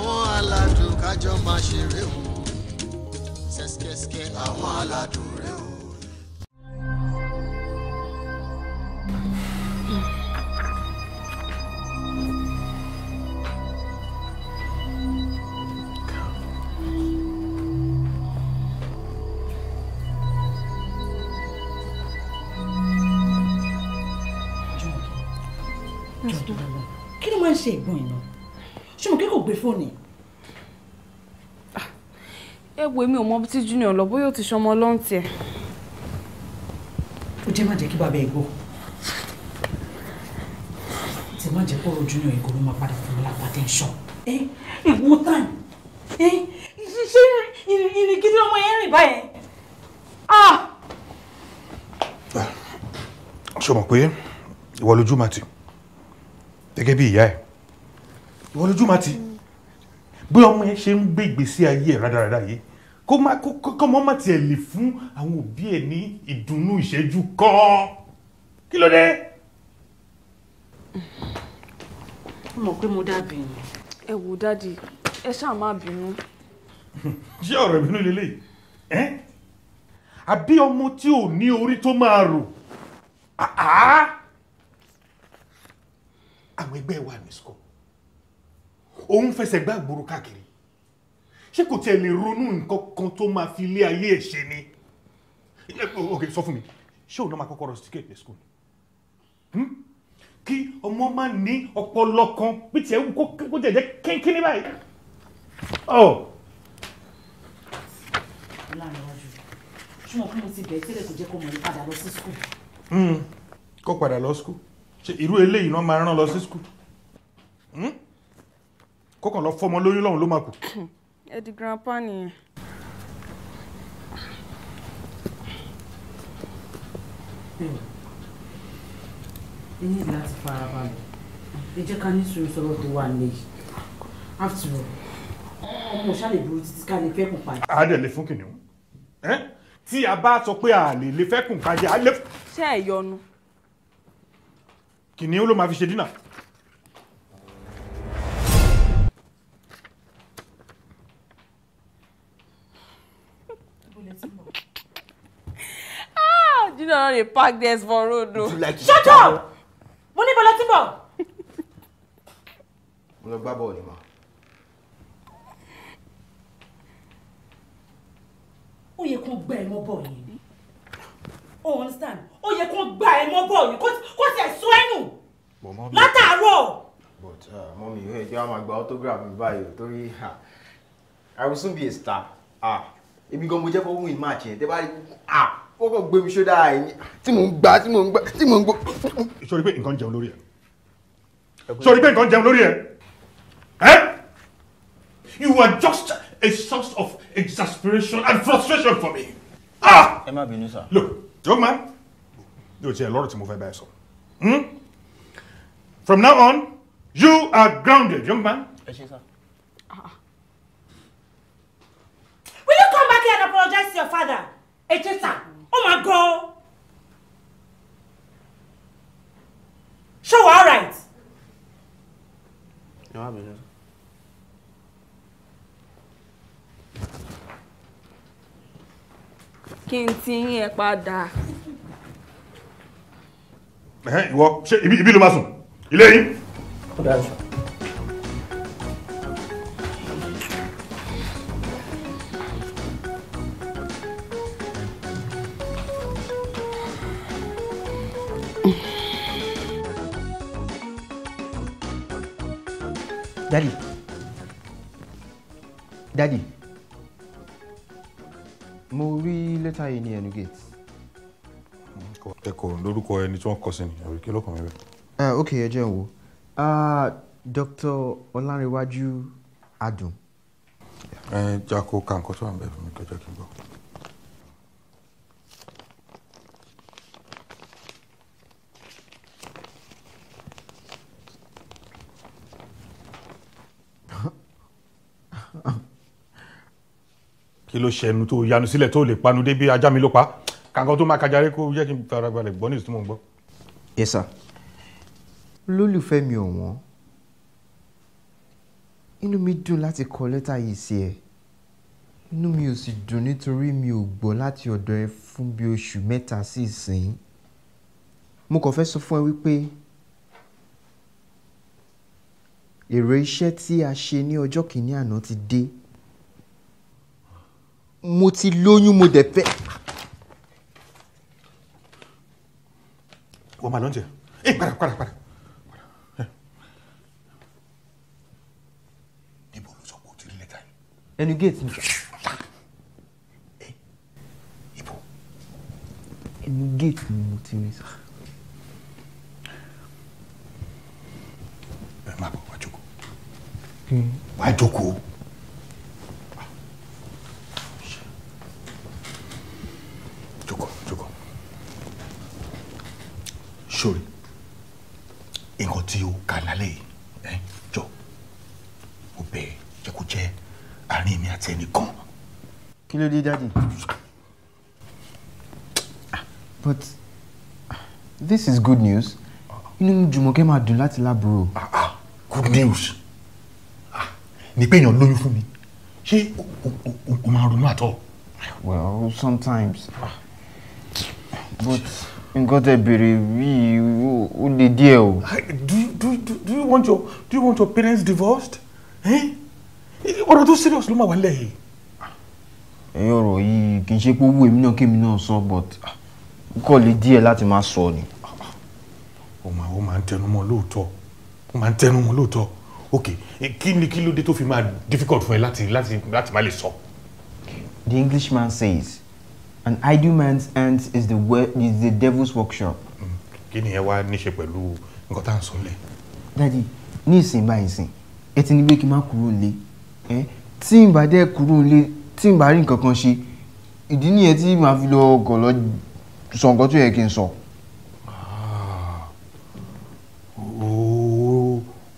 àwọn aládùn kájọ máa ṣeré o ṣẹ́ṣkẹ́ṣkẹ́ àwọn aládùn rẹ o. ṣe ìgbọ̀n wo èmi ò mọ tí junior lọ bóyá ó ti ṣọmọ lọ́ǹtì ẹ̀. ó jẹ́ má jẹ́ kí bàbá ẹ̀ gbọ́ tí má jẹ́ pọ̀rọ̀ junior ìgò ló máa padà fún mi lápá tẹ́ńṣọ̀n. ẹ ẹ wo tán ẹ ṣe ìrìn gidi ọmọ yẹn rìn báyẹn. Ah! Ah, ṣé o mọ̀ pé ìwọ lójú máa ti gẹ́gẹ́ bí ìyá ẹ̀ ìwọ lójú máa ti bí ọmọ yẹn ṣe ń gbé ìgbésí ayé ẹ̀ rádaràda yìí kó má kó mọ́ má tiẹ̀ lè fún àwọn òbí ẹ̀ ní ìdùnnú ìṣẹ́jú kan kí ló dé. ó mọ̀ pé mo dàbí ni. ẹ wò dáàdi ẹ ṣáà má bínú. ṣé ọ̀rọ̀ ìbínú lélẹ̀ ẹ́ àbí ọmọ tí ò ní orí tó máa rò àwọn ẹgbẹ́ wa ní sùkọ́ òun fẹsẹ̀ gbá káàkiri ṣé kò tiẹ̀ lè ronú nǹkan kan tó máa fi ilé ayé ẹ̀ ṣe ni ok sọ fún mi ṣé òun náà máa kọ́kọ́ rọ síkẹ́ ìpè school hmm? kí ọmọ máa ní ọpọlọ kan bí tiẹ̀ wù kó jẹ́ jẹ́ kínkín ní báyìí. Oh. láàrín ṣùgbọ́n kí mo ti bẹ̀ẹ́ tẹ́lẹ̀ kò jẹ́ kó mọ̀ ní padà lọ sí school. Hmm. kó padà lọ school ṣe irú eléyìí náà máa rán lọ sí school hmm? kó lọ fọmọ lóyún lọ́hùn ló máa kù ẹ di grandpa nìyẹn. ẹ̀yin láti fara balẹ̀ ẹ jẹ́ ká ní sùúrù sọ́rọ̀ tó wà nílẹ̀ after all ọmọ ṣáà lè burú títí ká lè fẹ́kùn pàdé. a dẹ̀ lè fún kìnìún tí a bá sọ pé a lè lè fẹ́kùn kájẹ́ a lè. ṣé ẹ yọnu. kìnìún ló máa fi ṣe dínà. no dey park there for road o. shut up mo ní bọ́lá tí bọ̀. mo lọ gbá bọ́ọ̀lù ma. ó yẹ kó gba ẹ̀mọ́ bọ̀ yìí o oh, understand ó yẹ kó gba ẹ̀mọ́ bọ̀ yìí kó tiẹ̀ sọ ẹnu látàárọ̀. but uh, ah, mọ́mí ẹ jẹ́ wàá máa gba autograph mi báyìí torí i will soon be a star ah ebi gan mo jẹ́ for win match yẹn tẹ́ bá rí ah wọ́n kàn gbé mi ṣó dáa tí mò ń gbá tí mò ń gbá tí mò ń gbó. sori pé nǹkan jẹun lórí ẹ sori pé nǹkan jẹun lórí ẹ ẹ you are just a source of exasperation and frustration for me. Ah! ẹ má bínú sá. look young man yóò tiẹ̀ lọ́rọ̀ tí mo fẹ́ bá ẹ sọ hmm? from now on you are grounded young man. ẹ ṣe sá. kí n ti yín ẹ padà. ìwọ ṣé ibi ló máa sùn ilé yín. ó dáa sùn. tí wọ́n kọ sí ni àbí kí lọ́kàn mi bẹ́ẹ̀. ok ẹ jẹ́ wo Dr. Ọlárẹ̀wájú Adùn. ẹ jẹ́ kó ka nǹkan tó wà ń fún mi kẹjọ kí n bọ̀. kí ló ṣẹnu tó yanu sílẹ̀ tó lè panu débi ajá mi ló pa kàǹkan tó máa kàjàre kó jẹ́ kí n farabalẹ̀ gbọ́ ní ìsúnmọ gbọ́. yes sir lólùfẹ́ mi ò wọ́n inú mi dùn láti kọ lẹ́tà yìí sí ẹ inú mi ò sì dùn nítorí mi ò gbọ́ láti ọ̀dọ̀ ẹ fún bí oṣù mẹ́ta sí ìsìn mo kàn fẹ́ sọ fún ẹ wípé èrè iṣẹ́ tí a ṣe ní ọjọ́ kìíní àná ti dé mo ti lóyún mo dẹ̀ fẹ́. mà ló ń jẹ ẹ padà padà padà. níbo ló sọ pé o ti rí lẹ́tà yìí. ẹnu géètì ni. ibo. ẹnu géètì ni mo ti rí sórí nǹkan tí o kà lálẹ́ yìí ẹ jọ mo bẹ̀ jẹ́ kó jẹ́ àárín mi àti ẹnìkan. kí ló dé dáàdì. Ah, but ah, this is good news inú Jùmọ̀kẹ́ máa dùn láti lábúrò. Ah, good news ni pé èèyàn lóyún fún mi ṣé o máa ronú àtọ. well sometimes but nǹkan tẹ bèrè yìí ó le díẹ̀ o. do you want your do you want your parents divorced? ọ̀rọ̀ tó serious ló máa wà lẹ́yìn. ẹ̀yin ọ̀rọ̀ yìí kì í ṣe pé owó èmi náà kémi náà sọ but kò le díẹ̀ láti máa sọ ni. ó máa ó máa ń tẹnu mọ́ lóòótọ́ ó máa ń tẹnu mọ́ lóòótọ́ ok kí ni kí ló dé tó fi máa difficult fún ẹ láti láti láti má lè sọ. the Englishman says an idle man's hands is the word is the devil's workshop. Mm. kí ni ẹ wá níṣe pẹ̀lú nǹkan tá à ń sọ lẹ̀. dadi ní ìsìn bá ìsìn ẹ ti ní pé kí n má kúrò nílé tí n bá dẹ́ kúrò nílé tí n bá rí nǹkan kan ṣe ìdí nìyẹn tí màá fi lọ ọgọ̀ lọ sọ nǹkan tó yẹ kí n sọ. Ah,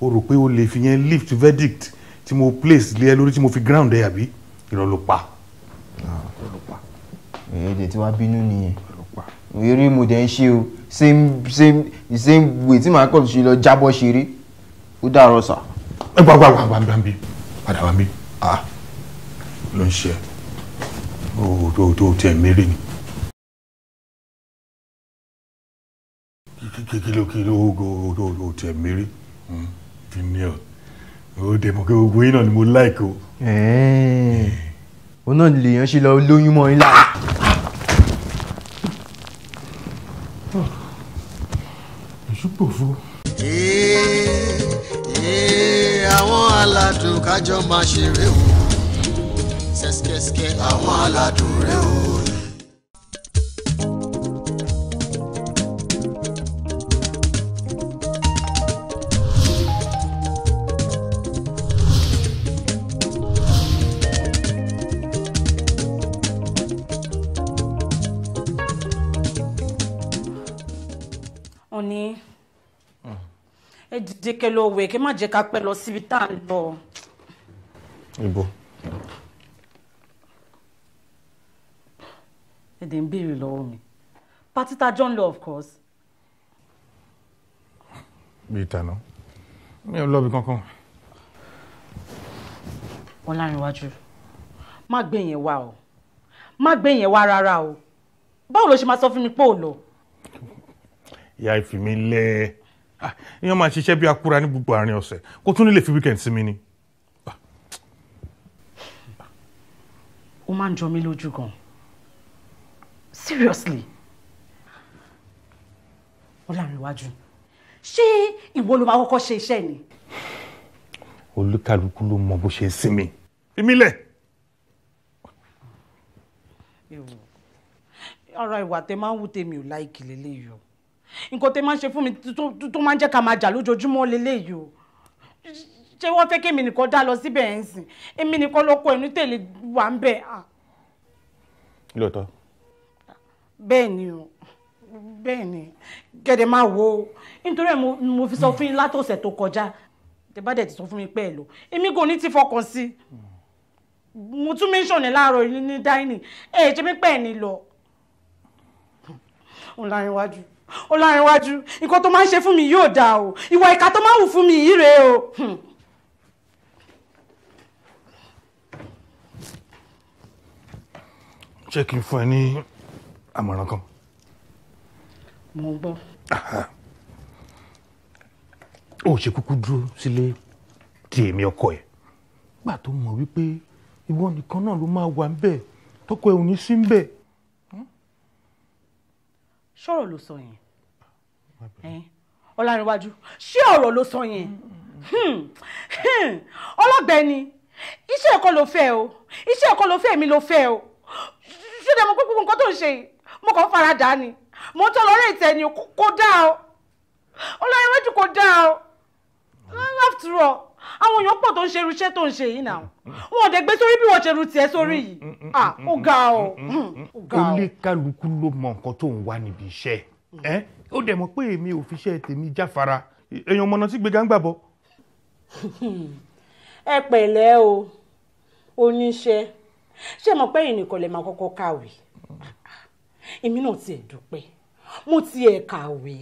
o rò pé o lè fi yẹn lift verdict tí mo place lé ẹ lórí tí mo fi ground ẹ àbí irọ́ èdè tí wàá bínú nìyẹn eré mo dẹ̀ ń ṣe o same same same way tí màá kọ̀ ṣe lọ jábọ̀ ṣeré ó dàrọ̀ sà. ẹ gbàgbà gbàgbà gbàgbà mi padà wá mi ah ló ń ṣe ẹ o tó tó tiẹ̀ mérè ni. kíkìlọ̀ kìlọ̀ o tó tó tiẹ̀ mérè fi ní ọ o dẹ̀ mọ̀ pé gbogbo yín náà ni mo like o òun náà lèèyàn ṣe lọ lóyún mọ́ yín lára. ìṣúpòfo. àwọn aládùn kájọ máa ṣeré o ṣẹ́ṣkẹ́ṣkẹ́ àwọn aládùn rẹ o. pé kẹ́ lọ wẹ̀ kẹ́ má jẹ́ ká pẹ́ lọ síbi tá à ń lọ. ibo. èdè ń béèrè lọ́wọ́ mi pátí tá a of course. bíi tànà mi ò lọ́bi kankan. ọlárìnwájú má gbé yẹn wá o má gbé yẹn wá rárá o báwo ló ṣe máa sọ fún mi pé ò lọ. ìyá ìfìmí lẹ́ẹ̀. Ah, èèyàn máa ṣiṣẹ́ bí akura ní gbogbo àárín ọ̀sẹ̀ kó tún nílè fi weekend sinmi ni. Ah. ó máa ń jọ mí lójú gan seriously ọlárẹ̀wájú ṣé ìwọ ló máa kọ́kọ́ ṣe iṣẹ́ ni. olúkálukú ló mọ bó ṣe sinmi ìmílẹ̀. ọ̀rọ̀ ìwà tẹ máa ń wú tèmi ò láìkì lélẹ́yìí o nǹkan tẹ́ máa ń ṣe fún mi tó máa ń jẹ́ ká máa jà lójoojúmọ́ leléyìí o ṣé wọ́n fẹ́ kémi nìkan dá lọ síbẹ̀ ẹ̀ ń sìn èmi nìkan lọ́kọ̀ ẹ̀nu tèlé wà ń bẹ̀. lóòótọ́. bẹ́ẹ̀ ni o bẹ́ẹ̀ ni gẹ́gẹ́ máa wo nítorí ẹ̀ mo fi sọ fún yín látọ̀sẹ̀ tó kọjá tẹ́ bá dẹ̀ ti sọ fún mi pẹ́ lọ èmi kò ní ti fọkàn sí mo tún mẹ́sàn ní láàárọ̀ ní dáínì ẹ̀ ṣe pípẹ́ ẹ̀ ní lọ ọ̀la iwájú ọlọ́rinwájú nǹkan tó máa ń ṣe fún mi yóò dáa o ìwà ìka tó máa ń wù fún mi yìí rèé o. Hmm. ṣé kí n fún ẹ ní àmọ̀ràn kan. mo ń gbọ́. o ṣe kúkú dúró sílé ti èmi ọkọ ẹ gbà tó mọ̀ wípé ìwọ nìkan náà ló máa wà ń bẹ̀ tọkọ ẹ ò ní sí ń bẹ̀. sọ̀rọ̀ ló sọ yẹn ọlárẹ̀wájú ṣé ọ̀rọ̀ ló sọ yẹn hmm. Hmm. ọlọ́gbẹ́ni iṣẹ́ ẹ̀kọ́ ló fẹ́ o iṣẹ́ ẹ̀kọ́ ló fẹ́ mi ló fẹ́ o ṣé dẹ̀ mo pé gbogbo nǹkan tó ń ṣe mo kàn fara dà ni mo tọ́ lọ́rẹ́ ìtẹ́ ni kò dáa o ọlọ́rẹ̀wájú kò dáa o after all àwọn èèyàn pọ̀ tó ń ṣe irú iṣẹ́ tó ń ṣe yìí náà wọn ò dẹ̀ gbé sórí bí wọ́n ṣe ru tiẹ̀ sórí yìí ah, hmm, ó ga o. ó lé kálukú ló mọ nǹkan tó ń wá níbi iṣẹ́ ó dẹ̀ mọ̀ pé èmi ò fi iṣẹ́ tèmi jáfara èèyàn mọ̀nà tí gbẹ̀gà ń gbàbọ̀. ẹ pẹ̀lẹ́ o oníṣẹ́ ṣé mọ̀ pé ìnìkan lè máa kọ́kọ́ kàwé èmi náà tiẹ̀ dúpẹ́ mo tiẹ̀ kàwé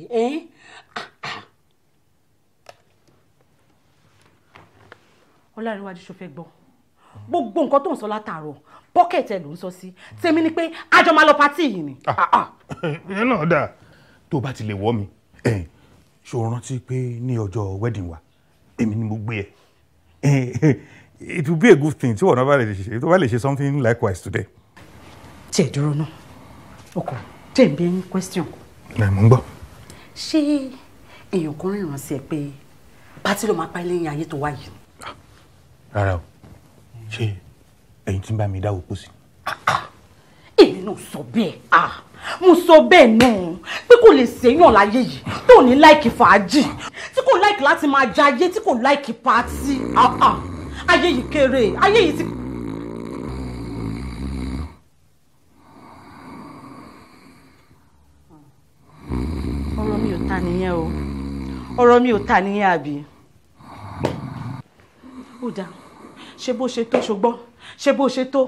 ọlárẹ̀wájú ṣó fẹ́ gbọ́ gbogbo nǹkan tó ń sọ látàárọ̀ pocket ẹ ló ń sọ sí tèmi ni pé àjọ máa lọ pátì yìí ni. Ah, ah. ìyẹn náà dáa tó o bá ti lè wọ́ mi ṣó o rántí pé ní ọjọ́ wedding wa èmi ni mo gbé ẹ it will be a good thing tí wọn bá lè ṣe tó bá lè ṣe something likewise today. tiẹ̀ dúró náà ọkọ tẹ̀ ń bí ẹni question. ẹ mò ń gbọ́. ṣé èèyàn kan rìnrìn sí ẹ pé pátí ló máa pa ilé yẹn ayé tó wáyé. Ah, rárá o ṣé ẹ̀yin tí ń bá mi dáwọ́ pósí. Ah, ah èmi náà sọ bẹ́ẹ̀ ah mo sọ bẹ́ẹ̀ náà pé kò lè ṣèyàn láyé yìí tó ní láìkì fàájì tí kò láìkì láti máa jayé tí kò láìkì pàtì ah ah ayé yìí kéré ayé yìí ti ọ̀rọ̀ mi ò ta nìyẹn o ọ̀rọ̀ mi ò ta nìyẹn àbí. ó dáa ṣe bó ṣe tó ṣùgbọ́n ṣe bó ṣe tó.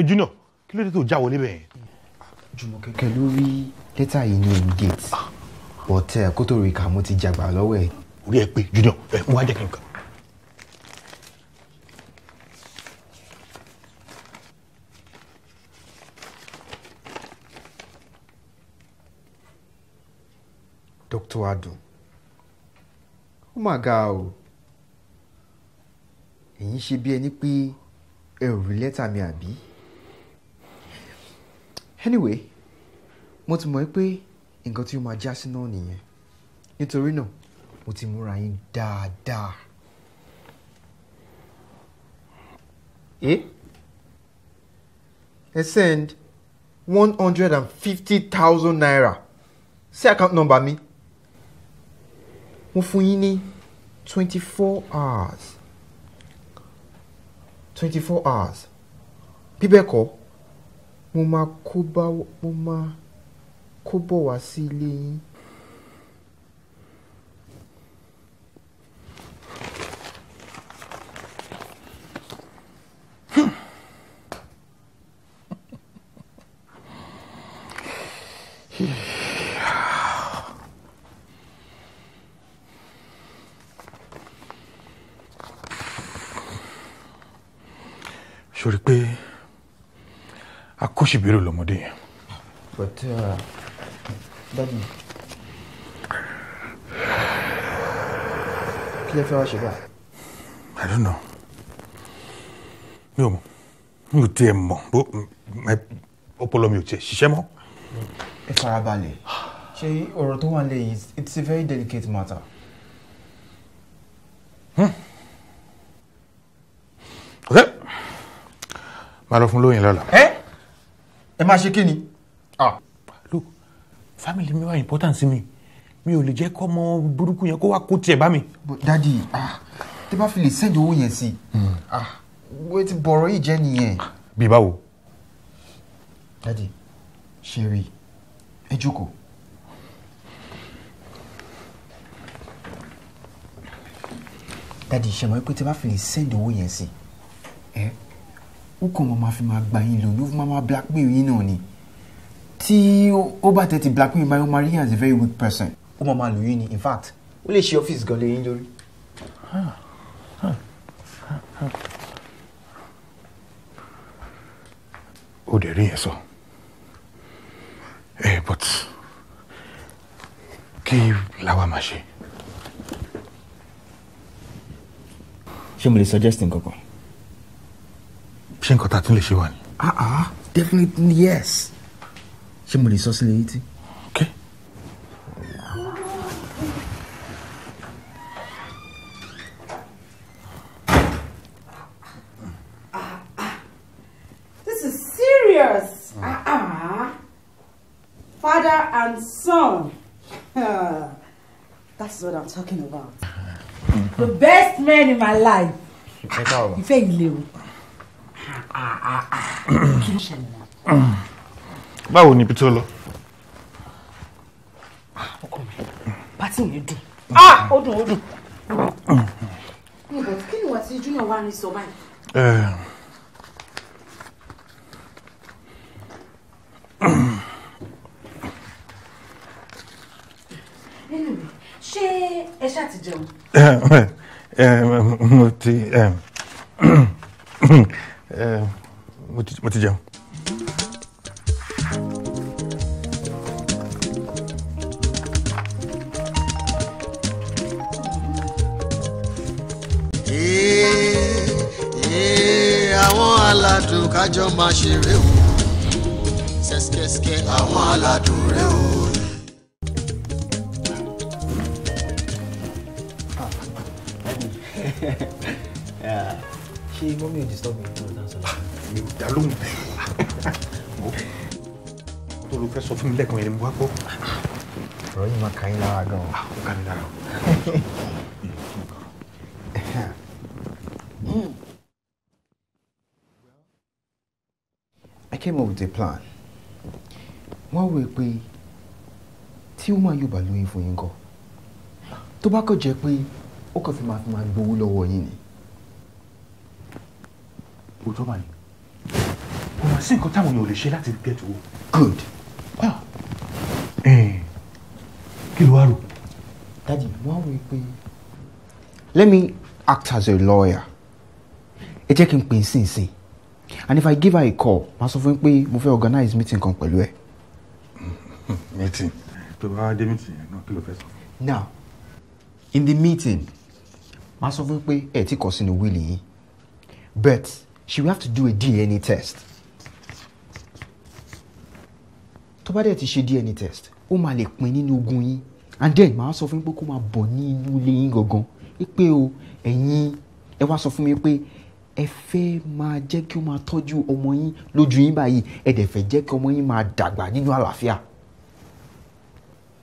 ẹ junior kí ló dé tó já wọlé bẹ́ẹ̀. jùmọ̀kẹ́ pẹ̀lú rí lẹ́tà yìí ní gate ah. but eh, kó tó mo ti jàgbà lọ́wọ́ ẹ̀. orí ẹ pé junior ẹ wá jẹ́ kí n kà. Dr. Adun ó mà ga o èyí ṣe bí ẹni pé ẹ ò rí lẹ́tà mi àbí anyway mo ti mọ̀ pé nǹkan tí ó máa já sí náà nìyẹn nítorí náà mo ti múra yín dáadáa. Eh? ẹ send one hundred and fifty thousand naira sí account number mi mo fún yín ní twenty four hours twenty four hours bí kọ́ mo máa kó bá mo máa kó bọ̀ wá sí ilé yín sori pé akóṣèbérò lọmọdé yẹn. but uh, dadi kí lè fẹ́ wá ṣe báyìí. i don't know mi ò mi ò tiẹ̀ mọ̀ bó ọpọlọ mi ò tiẹ̀ ṣiṣẹ́ mọ́. ẹ farabalẹ̀ ṣé ọ̀rọ̀ tó wà lẹ́yìn it's a very delicate matter. Hmm. ok máa lọ fún lóyìn lọ́la. ẹ́ ẹ máa ṣe kí ni. look family mi wá important sí mi mi ò lè jẹ́ kọ́ ọmọ burúkú yẹn kó wá kó tiẹ̀ bá mi. dadi tí bá fi lè send owó yẹn sí wọ́n hmm. ti bọ̀rọ̀ yìí jẹ́ nìyẹn. bí báwo. dadi ṣe rí ẹ jókòó. dadi ṣe mọ̀ pé tí bá fi lè send owó yẹn sí. Si ó kàn máa máa fi máa gbà yín lò ló fi máa máa blackmail yín náà ni tí ó bá tẹ̀ ti blackmail báyìí ó as a very weak person ó máa máa lò yín ni in fact ó lè ṣe ọ́fíìsì gan lé yín lórí. ó dẹ̀ rí yẹn sọ ẹ eh, but kí làwa máa ṣe. ṣé mo lè suggest nǹkan kan. ṣé nǹkan tá a tún lè ah ah definitely yes ṣé mo lè ah. Ah, ah. father and son. That's what I'm talking about. The best man in my life. Ìfẹ́ ìlérò. kí ló ṣẹlẹ̀ náà. báwo ni ibi tó lọ. ọkọ mi pátì mi dùn ah! Ah, ó dùn ó dùn. kí ni wàá ti junior wá ní sọ báyìí. Eh. ṣé ẹ ṣáà eh, eh, mo ti. Eh, ti jẹun. Eh, eh, àwọn aládùn kájọ máa ṣeré o ṣẹ́ṣkẹ́ṣkẹ́ àwọn aládùn rẹ o. ṣé mọ́mí ò disturb mi tó dáná ah, mi ò dá lóhùn tó ló fẹ́ sọ fún mi lẹ́ẹ̀kan yẹn ni mo wá gbọ́. ọ̀rọ̀ yìí máa ka yín lára gan-an. Ah, ó ká mi lára. I came up with a plan. Wọ́n wò pé tí ó máa yóò bá lóyún fún yín gan, tó bá kọ̀ jẹ́ pé ó kàn fi máa fi máa gbowó lọ́wọ́ yín ni o tó báyìí kò wá sí nǹkan táwọn èèyàn ò lè ṣe láti get owó. good. kí ló wá rò. dadi wọn wí let me act as a lawyer ẹ jẹ́ kí n pè é and if i give her a call màá sọ fún pé mo fẹ́ organize meeting kan pẹ̀lú ẹ. meeting To bá dé meeting no, kilo kí ló now in the meeting màá sọ fún pé ẹ ti kọ sínú wíìlì yìí but she will have to do a DNA test tó bá dẹ̀ ti ṣe DNA test ó máa lè pin nínú ogún yín and then màá sọ fún yín pé kó máa bọ̀ ní inú ilé yín gangan pé o ẹ̀yin ẹ wá sọ fún mi pé ẹ fẹ́ máa jẹ́ kí ó máa tọ́jú ọmọ yín lójú yín báyìí ẹ dẹ̀ fẹ́ jẹ́ kí ọmọ yín máa dàgbà nínú àlàáfíà.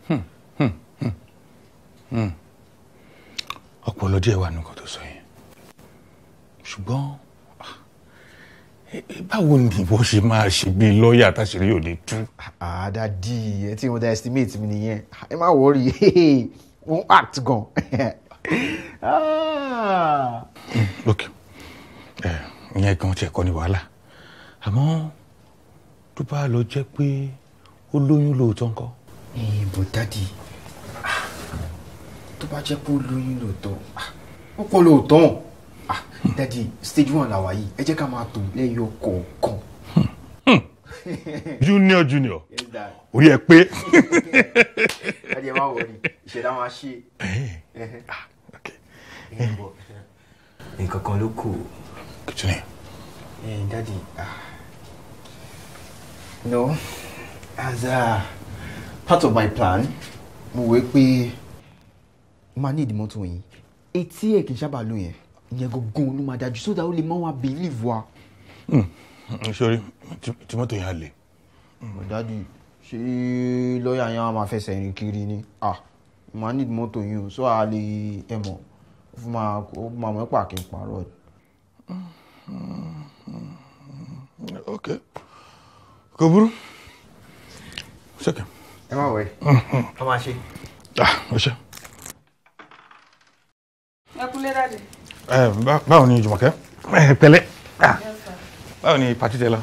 ọ̀pọ̀lọpọ̀ hmm, hmm, hmm, wà nínú nǹkan tó sọ yẹn ṣùgbọ́n báwo ni ìwọ ṣe máa ṣe bíi lọ́ọ̀yà táṣìírí ò lè tú. àdàdì ah, ah, ẹ tí mo da estimate mi nìyẹn ẹ má wọrí òun act gan. Ah. Hmm, ok eh, ìyẹn gan tiẹ̀ kọ́ ni wàhálà àmọ́ tó bá lọ jẹ́ pé ó lóyún lóòótọ́ ńkọ́. ìbò eh, dádì tó bá jẹ́ pé ó lóyún lóòótọ́ ó pọ̀ lóòótọ́ ah dadi stage one làwa yìí ẹ jẹ́ ká máa tò lẹ́yọ kọ̀ọ̀kan. Hmm. junior junior orí ẹ pé. dadi ẹ má wọrí ìṣẹ̀dá máa ṣe. Eh. Ah, nǹkan kan ló kù. kìtìnì. dadi no as a part of my plan mo wé pé máa ní ìdí mọ́tò yìí etí ẹ̀ kì í sábà lò ìyẹn gangan ló máa dájú sódà ó lè mọ wa believe wa. Hmm. sori tìmọ́tò yẹn á lè. dájú ṣé lọ́ọ̀yà yẹn á máa fẹsẹ̀ rìn kiri ni ah màá need mọ́tò yìí o so a lè ẹ mọ̀ ó fún máa ó máa mọ̀ ẹ́ pàkí parọ́. ok kò burú ṣèkè. ẹ má wẹ̀ ọ hmm, hmm. máa ṣe. ah ọ ṣe. ẹ kúlẹ̀ dáadé. Eh, báwo ni Jùmọ̀kẹ́ eh, pẹ̀lẹ́ ah. báwo ni pàtí tẹ lọ.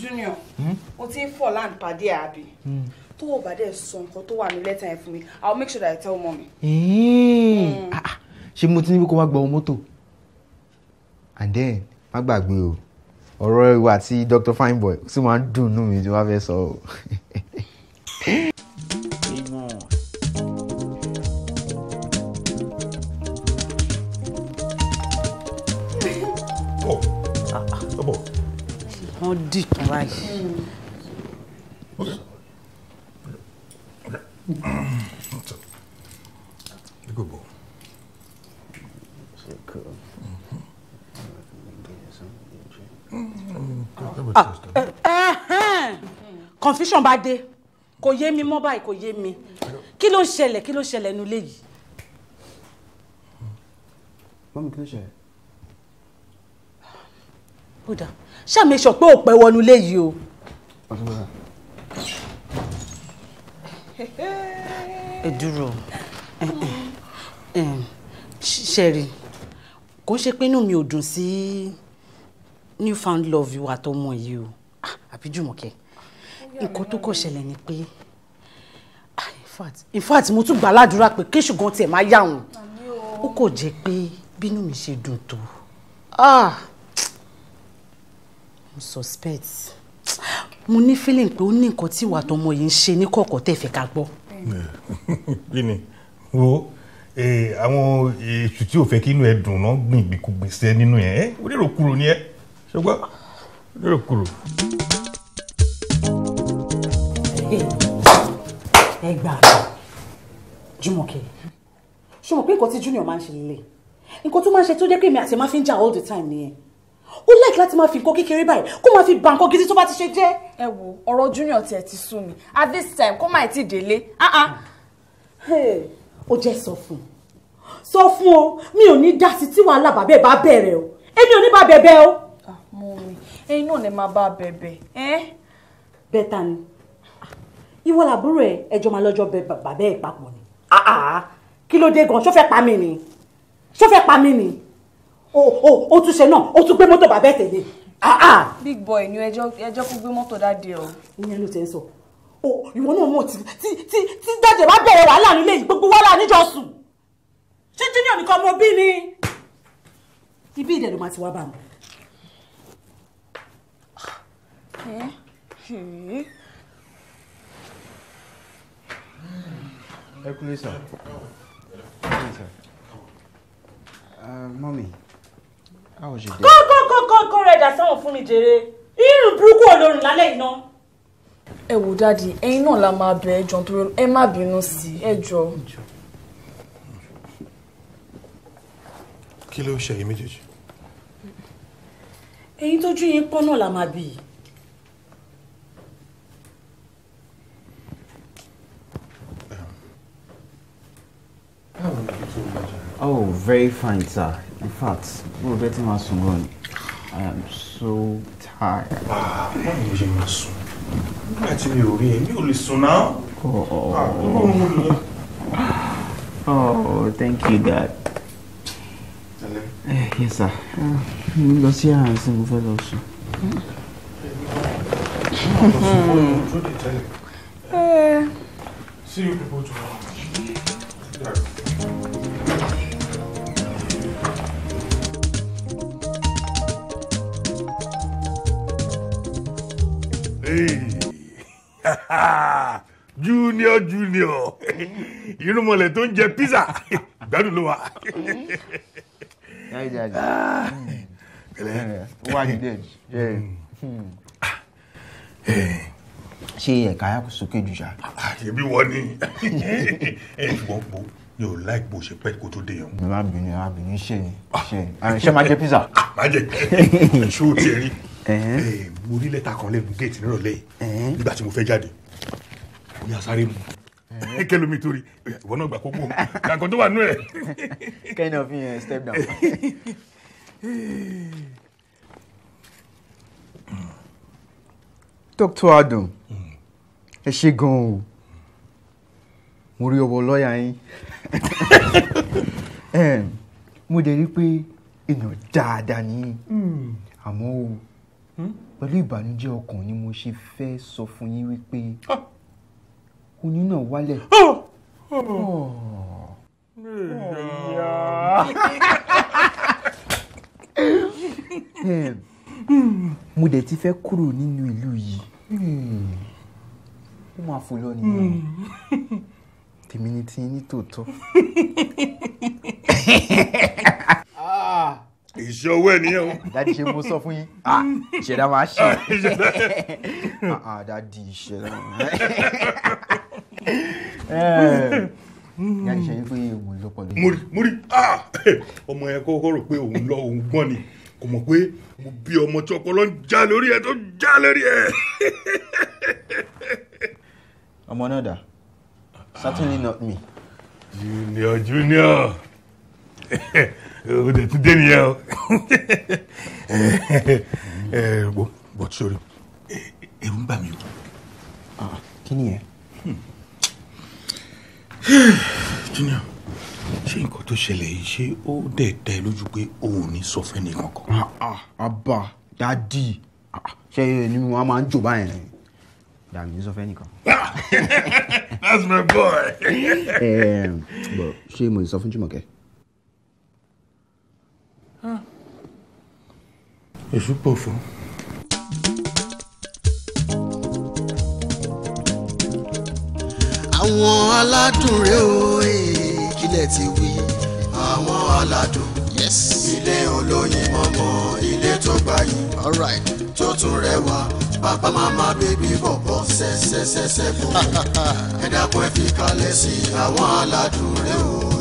Junior hmm? o ti ń fọ land pàdé àbí hmm. tó o bá dẹ̀ sọ nǹkan tó wà ní lẹ́tà yẹn fún mi I will make sure that I tell mommy. Hmm. Ah, ah. ṣé mo ti ní kó wá gba ọmọ mọ́tò and then má gbàgbé o ọ̀rọ̀ ìwà àti Dr. Fineboy sì máa ń dùn nù mí tí wọ́n fẹ́ sọ o. Oh. Ah, ah. wọ́n dì tán báyìí. transition bá dé kò yé mi mọ́ báyìí kò yé mi kí ló ń ṣẹlẹ̀ kí ló ń ṣẹlẹ̀ nínú yìí. mọ́mí kí ló ṣẹlẹ̀. bùdà ṣàmì sọ pé ò wọnú ilé yìí o. ẹ dúró kò ṣe pé inú mi ò dùn sí newfound love ìwà tó mọ̀ yìí o ah, àbí jùmọ̀kẹ́ nǹkan tó kọ̀ ṣẹlẹ̀ ni pé ah, in fact mo tún gbàládùra pé kéṣù gan tiẹ̀ máa yà wọ́n ó kò jẹ́ pé bínú mi ṣe dùn tó ah, mo suspect mo ní feeling pé ó ní nǹkan tí ìwà tọmọ yìí ń ṣe ní kọ̀ọ̀kọ̀ tẹ̀ fẹ́ ká gbọ́. kí ni wo e, àwọn èṣù tí ò fẹ́ kí inú ẹ dùn náà gbìn ìgbìkúgbìn sí ẹ nínú yẹn ó lérò kúrò ní ẹ ṣùgbọ́n ó kúrò ẹ gbà mí Jùmọ̀kẹ́ ṣé mo pé nǹkan tí junior máa ń ṣe lélẹ̀ nǹkan tó máa ń ṣe tó jẹ́ pé èmi àti ẹ̀ máa fi ń jà all the time nìyẹn ó láìkí láti máa fi nǹkan kékeré báyìí kó máa fi ba nǹkan gidi tó bá ti ṣe jẹ́. ẹ wo ọ̀rọ̀ junior tiẹ̀ ti sú mi at this time kó máa ti délé ah, ah. ó jẹ́ sọ fún sọ fún o mi ò ní dá sí tí wàhálà bàbá ẹ̀ bá bẹ̀rẹ̀ o èmi ò ní bá bẹ̀bẹ̀ o. mo ah, mi ẹyin náà lè máa bá bẹ̀bẹ̀. bẹ́ẹ̀ ta ni ìwọ làbúrò ẹ ẹjọ máa lọ́jọ́ bẹ bàbá ẹ papọ̀ ni ah, ah, ah, kí ló dé gan ṣó fẹ́ pa mí ni ṣó fẹ́ pa mí ni ó tún ṣe náà ó tún gbé mọ́tò bàbá ẹ tẹ̀lé. big boy ni ẹjọ́ kó gbé mọ́tò dáadé o. ìyẹn ló ti ń sọ ìwọ náà mọ̀ tí tí tí jáde wá bẹ̀rẹ̀ wàhálà nílé yìí gbogbo wàhálà níjọ sùn títí ní òní kan mo bí ni ibi ìdẹ̀ ló máa ti wá bá mi. Eh, eh ẹ kúlé sà Mommy, how was your day. kọ́ kọ́ kọ́ kọ́ rẹ̀ Red sáwọn fún mi Jerry. irun burúkú olórùn lálẹ́ iná. ẹ wò dáàdi ẹ̀yin náà la máa bẹ ẹ jọ̀ọ́ John, ẹ má bínú sí ẹ jọ̀ọ́. kí ló ṣe èyí méjèèjì. ẹ̀yin tójú yín you know, la máa bì Oh, very fine, sir. In fact, we're getting our soon going. I am so tired. Oh. Ah, why you must soon? That's me, Ori. You listen now. Oh. Oh, thank you, God. Eh, yes, sir. You ah, Lọ sí àárín sí mo fẹ́ lọ sùn. Hmm. Hmm. Hmm. Eh. See you people tomorrow. junior junior irúnmọlẹ̀ tó ń jẹ pizza gbádùn ló wà. ṣe ah. hmm. ẹ̀ka ayá kò sókè jù ṣá. Ah, èmi wọ ni ṣùgbọ́n po mi ò láì bó ṣe pẹ́ kó tó dé yẹn. mi máa bínú mi máa bínú ṣe ni ah. ṣe máa jẹ pizza. máa jẹ ṣé o ti rí mo rí lẹ́tà kan lẹ́nu géètì nírọ̀lẹ́ yìí nígbà tí mo fẹ́ jáde mo ní asáré mu kẹlómi torí ìwọ náà gbà kó gbó kankan tó wà nú ẹ. kind of yẹn step down. Dr. Adam ẹ ṣe gan-an o mo rí ọwọ́ lọ́ọ̀yà yín mo dẹ̀ rí i pé èèyàn dáadáa ni hmm. àmọ́ o pẹ̀lú ìbànújẹ́ ọkàn ni mo ṣe fẹ́ sọ fún yín wípé ah! oyún náà wálẹ̀. Ah! Ah! Hmm. mo dẹ̀ ti fẹ́ kúrò nínú ìlú yìí hmm. ó máa fò lọ nìyẹn hmm. tèmi ni ti ní tòótọ́. ìṣe owó ẹ nìyẹn o. dadi ṣe mo sọ fún yín ah ìṣẹ̀dá máa ṣe ah, ah dadi ìṣẹ̀dá yàrá ìṣẹ̀yìn pé òun ló pọ̀ lójú. múri múri ah ọmọ yẹn kọ́kọ́ rò pé òun lọ òun gbọ́n ni kò mọ̀ pé mo bí ọmọ tí ọpọlọ ń já lórí ẹ tó já lórí ẹ. ọmọ náà dà certainly not me. junior junior. o de ti dé nìyẹn o ẹ bọ bọ sórí ẹ̀rù ń bà mí o. Ah, kí ni yẹn. Hmm. junior ṣé nǹkan tó ṣẹlẹ̀ yìí ṣé ó dẹ̀ dá ẹ lójú pé o ò ní sọ fẹ́ni kankan. àbá dádì ṣe ni wọn máa ń jò báyẹn ni dàmí ní sọ fẹ́ nìkan. that's my boy. Eh, ṣé mo lè sọ fún Jùmọ̀kẹ́. èṣù pòfo. àwọn aládùn rèé o ìkìlẹ̀ e, ti wí. àwọn aládùn ilé olóyin mọ́mọ́ ilé tó gbayì tó tún rẹwà bàbá màmá bèbí bọ̀bọ̀ ṣẹṣẹṣẹṣẹ fún mi ẹ dákun ẹ fi kalẹ̀ sí àwọn aládùn rèé o.